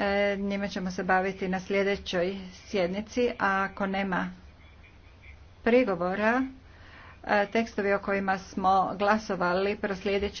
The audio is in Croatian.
E, njime ćemo se baviti na sljedećoj sjednici, a ako nema prigovora, e, tekstovi o kojima smo glasovali proslijedit